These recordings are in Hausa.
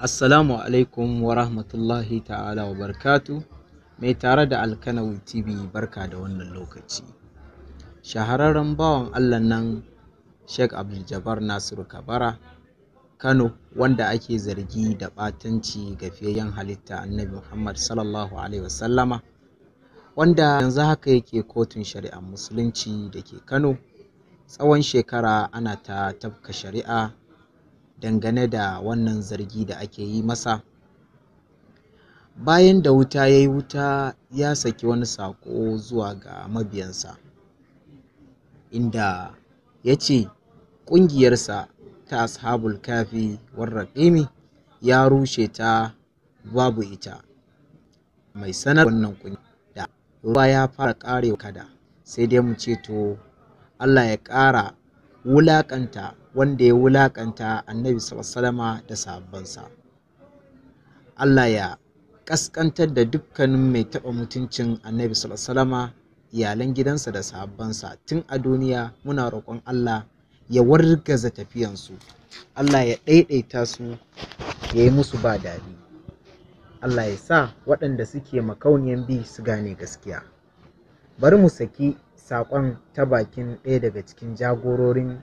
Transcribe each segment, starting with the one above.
Assalamu alaikum wa rahmatullahi ta'ala wa barkatu mai tare da Alkanawi TV barka da wannan lokaci. Shahararren bawan Allah nan Sheikh Abdul-Jabbar Nasiru Kabara Kano wanda ake zargi da ɓatanci ga fiyayyen halitta Annabi Muhammad sallallahu alaihi wasallama wanda yanzu haka yake kotun shari'ar musulunci da ke Kano tsawon shekara ana ta tafka shari'a dangane da wannan zargi da ake yi masa bayan da wuta ya yi wuta ya saki wani saƙo zuwa ga mabiyansa inda ya ce ƙungiyarsa ta ashabul kafi warraƙimi ya rushe ta babu ita mai sanar wannan ƙungiyar da ruwa ya fara ƙarewa kada sai dai mu ce to Allah ya ƙara wulaƙanta wanda ya wulaƙanta annabi sallama da sahabbansa Allah ya ƙasƙantar da dukkanin mai taɓa mutuncin annabi sallama iyalan gidansa da sahabbansa tun a duniya muna roƙon Allah ya wargaza tafiyansu Allah ya ɗaiɗaita su ya yi musu ba daɗi Allah ya sa waɗanda suke makauniyan bi su gane gaskiya bari mu saki saƙon ta bakin ɗaya daga cikin jagororin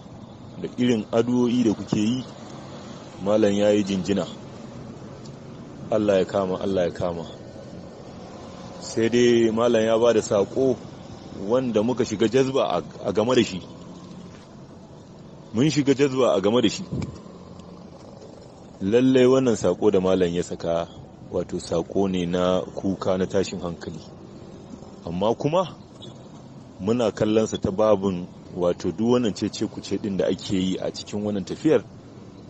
da irin addu'o'i da kuke yi malam ya yi jinjina allah ya kama allah ya kama sai dai malam ya ba da saƙo wanda muka shiga jazba a game da shi mun shiga jazba a game da shi lallai wannan saƙo da malam ya saka wato saƙo ne na kuka na tashin hankali amma kuma muna kallonsa ta babin wato duk wannan cece kuce din da ake yi a cikin wannan tafiyar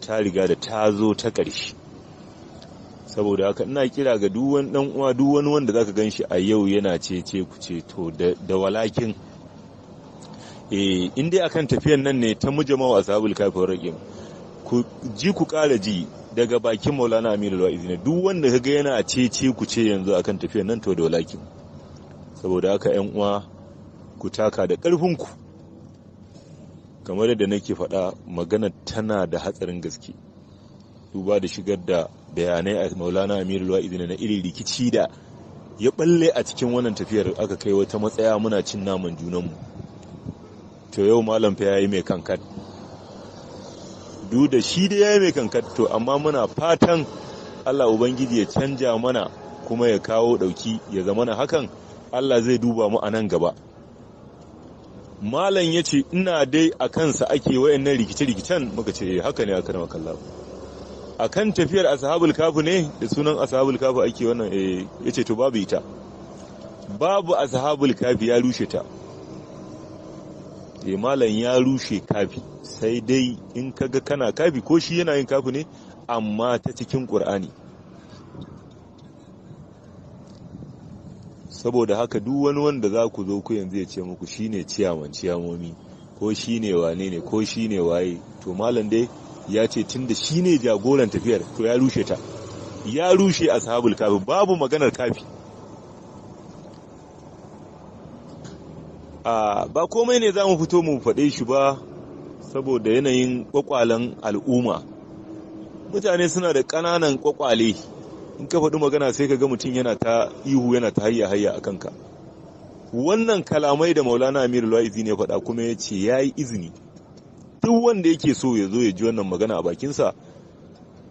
ta riga da ta zo ta ƙarshe saboda haka ina kira ga duk wani dan uwa duk wani wanda zaka ganshi a yau yana cece kuce to da walakin eh inda akan tafiyar nan ne ta mujama'u sabul kafin raqim ku ji ku ƙara ji daga bakin Maulana Aminu Wa'izi izini duk wanda ka ga yana cece ku ce yanzu akan tafiyar nan to da walakin saboda haka 'yan uwa ku taka da ƙarfinku kamar yadda nake faɗa magana tana da hatsarin gaske duba da shigar da bayanai a maulana Luwa wa'izina na iri rikici da ya balle a cikin wannan tafiyar aka kai wata matsaya muna cin naman junanmu to yau malam fa yayi mai kankat du da shi da yayi mai kankat to amma muna fatan Allah ubangiji ya canja mana kuma ya kawo dauki ya zama hakan Allah zai duba mu a nan gaba malam ya ce ina dai a kansa ake wayannan rikice-rikicen muka ce eh, haka ne a kan makalla a kan tafiyar ashabul kafu ne da sunan ashabul kafu ake wannan eh, ya ce to babu ita babu ashabul kafi ya rushe ta e malam ya rushe kafi sai dai in kaga kana kafi ko shi yana yin kafi ne amma ta cikin ƙur'ani saboda haka duk wani wanda za ku zo ku yanzu ya ce muku shine ciyaman ciyamomi ko shine wane ne ko shine waye to malam dai ya ce tunda shine jagoran tafiyar to ya rushe ta ya rushe ashabul kafi babu maganar kafi a ba komai ne za mu fito mu faɗe shi ba saboda yanayin kwakwalen al'umma mutane suna da ƙananan kwakwale in ka faɗi magana sai ka ga mutum yana ta ihu yana ta hayya hayya a kanka wannan kalamai da maulana amir laifi ya faɗa kuma ya ce ya yi izini duk wanda yake so ya zo ya ji wannan magana a bakinsa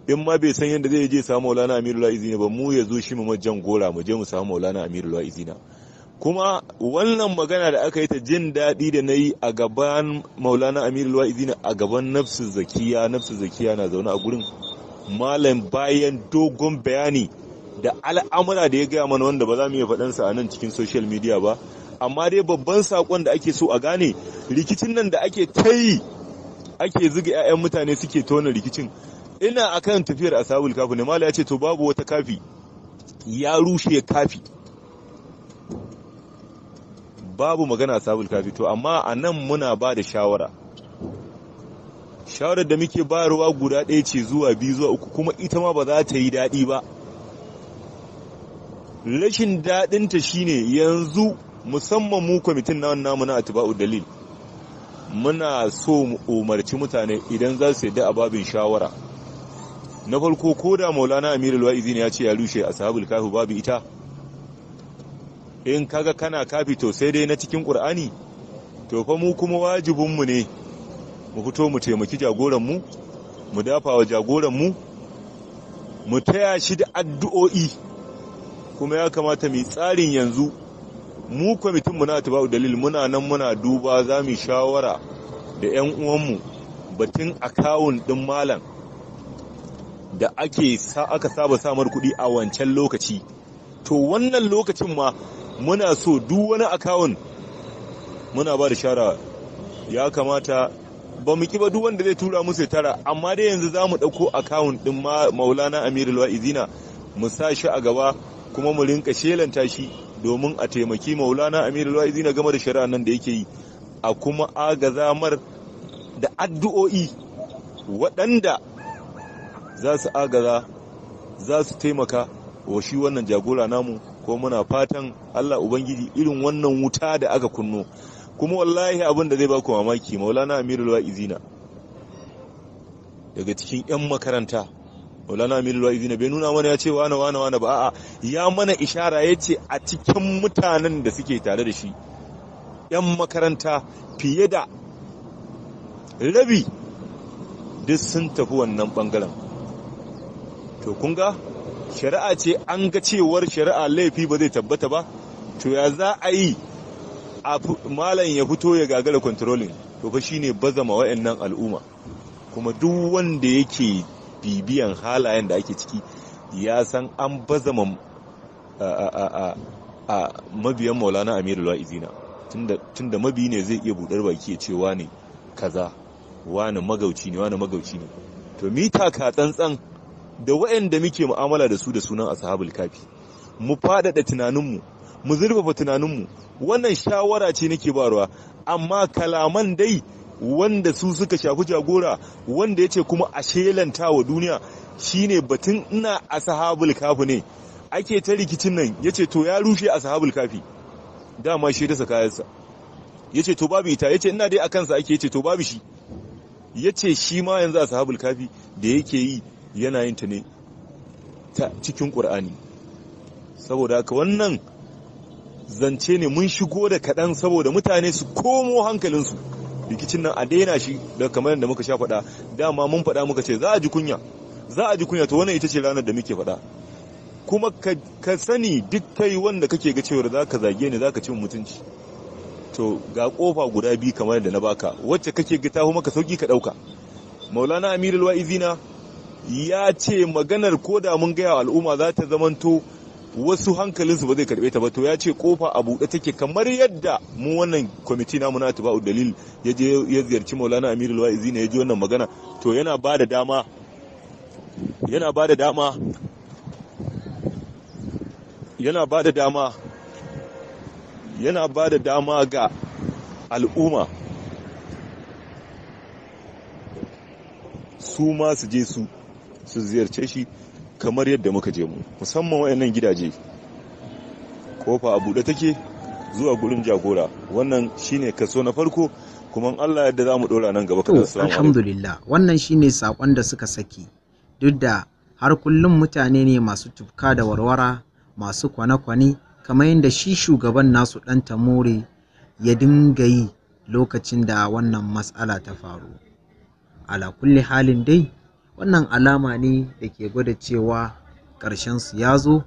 in ma bai san yadda zai je samu maulana amir laifi ba mu ya zo shi mu majan gora mu je mu samu maulana amir laifi kuma wannan magana da aka yi ta jin daɗi da na yi a gaban maulana amir laifi a gaban nafsu zakiya nafsu zakiya na zaune a gurin malam bayan dogon bayani da al'amura da ya gaya mana wanda ba za mu iya faɗansa a nan cikin social media ba amma dai babban saƙon da ake so a gane rikicin nan da ake ta yi ake zuga 'ya'yan mutane suke tona rikicin ina kan tafiyar asabul kafi ne mala ya ce to babu wata kafi ya rushe kafi babu magana asabul kafi to amma a nan muna ba da shawara shawarar da muke bayarwa guda ɗaya ce zuwa biyu zuwa uku kuma ita ma ba za ta yi daɗi ba rashin daɗinta shine yanzu musamman mu kwamitin na wannan muna na tuba'u dalil muna so mu umarci mutane idan za su yadda a babin shawara na farko ko da maulana amir wa'izi ne ya ce ya rushe sahabul kafi babu ita in kaga kana kafi to sai dai na cikin ƙur'ani? to fa mu kuma wajibinmu ne mu fito mu taimaki jagoran mu dafa wa jagoran mu Mu taya shi da addu'o'i kuma ya kamata mu tsarin yanzu mu kwamitin mu na ta babu dalil muna nan muna duba za mu shawara da 'yan uwanmu batun akawun ɗin malam da ake aka saba samar kuɗi a wancan lokaci to wannan lokacin ma muna so duk wani akawun muna ba da shara ya kamata ba mu kiba duk wanda zai tura musu tara amma dai yanzu za mu ɗauko akawun ɗin maulana amirul wa'izina mu sa shi a gaba kuma mu rinka shelanta shi domin a taimaki maulana amirul wa'izina game da shari'a nan da yake yi a kuma agazamar da addu'o'i waɗanda za su agaza za su taimaka wa shi wannan jagora namu ko muna fatan allah ubangiji irin wannan wuta da aka kunno kuma wallahi abin da zai ba ku mamaki maulana amirul wa'izina daga cikin 'yan makaranta maulana amirul wa'izina bai nuna mana ya ce wane wane wane ba a'a ya mana ishara ya ce a cikin mutanen da suke tare da shi 'yan makaranta fiye da rabi duk sun tafi wannan bangaren to kun shari'a ce an ga cewar shari'a laifi ba zai tabbata ba to ya za a yi malam ya fito ya gagara controlling to fa shine bazama wayannan al'umma kuma duk wanda yake bibiyan halayen da ake ciki ya san an bazama a mabiyan maulana amirul wa'izina tunda mabi ne zai iya budar baki ya ce wane kaza wane magauci ne wane magauci ne to mita ka tsantsan da wayanda muke mu'amala da su da sunan ashabul kafi mu faɗaɗa tunaninmu mu zurfafa tunaninmu wannan shawara ce nake barwa amma kalaman dai wanda su suka shafi jagora wanda ya ce kuma a shelanta wa duniya shine batun ina a sahabul kafi ne ake ta rikicin nan ya ce to ya rushe a sahabul kafi dama shi dasa kayansa ya ce to babu ita ya ce ina dai a kansa ake ya ce to babu shi ya ce shi ma yanzu a sahabul kafi da yake yi yana yin ta ne ta cikin ƙur'ani saboda haka wannan zance ne mun shigo da kaɗan saboda mutane su komo hankalinsu rikicin nan a daina shi da kamar da muka sha faɗa dama mun faɗa muka ce za a ji kunya za a ji kunya to wannan ita ce ranar da muke faɗa kuma ka sani duk kai wanda kake ga cewar za ka zage ni za ka cin mutunci to ga kofa guda biyu kamar da na baka wacce kake ga taho maka sauki ka ɗauka maulana amirul wa'izina ya ce maganar ko da mun gaya al'umma za ta zamanto wasu su ba zai karbe ta ba to ya ce kofa a buɗe take kamar yadda mu wannan kwamiti namu na atba'u dalil ya je ya ziyarci maulana amirul lawa ne ya ji wannan magana to yana ba da dama yana ba da dama yana ba da dama yana ba da dama ga al'umma su ma su je su su ziyarce shi kamar yadda muka je mu musamman wayannan gidaje kofa a buɗe take zuwa gurin jagora wannan shine kaso na farko kuma Allah yadda za mu ɗora nan gaba kadan salamu alhamdulillah wannan shine sakon da suka saki duk da har kullum mutane ne masu tufka da warwara masu kwane-kwane kamar yadda shi shugaban nasu ɗan tamore ya dinga yi lokacin da wannan matsala ta faru ala kulli halin dai wannan alama ne da ke gwada cewa ƙarshen su ya zo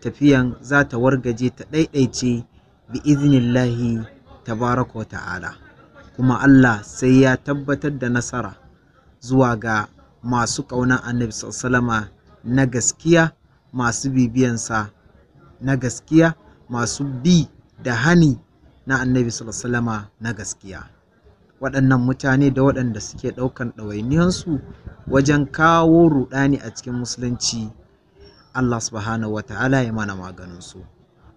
tafiyan za ta wargaje ta ɗaiɗaice bi iznillahi tabaraka ta'ala kuma Allah sai ya tabbatar da nasara zuwa ga masu ƙaunar annabi sallama na gaskiya masu bibiyansa na gaskiya masu bi da hani na annabi sallama na gaskiya waɗannan mutane da waɗanda suke ɗaukan ɗawainiyansu wajen kawo ruɗani a cikin musulunci Allah subhanahu wa ta'ala ya mana maganin su.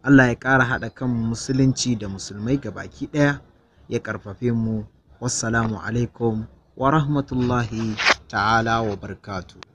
Allah ya ƙara haɗa kan musulunci da musulmai ga baki ɗaya ya ƙarfafe mu wassalamu alaikum wa rahmatullahi ta'ala wa barkatu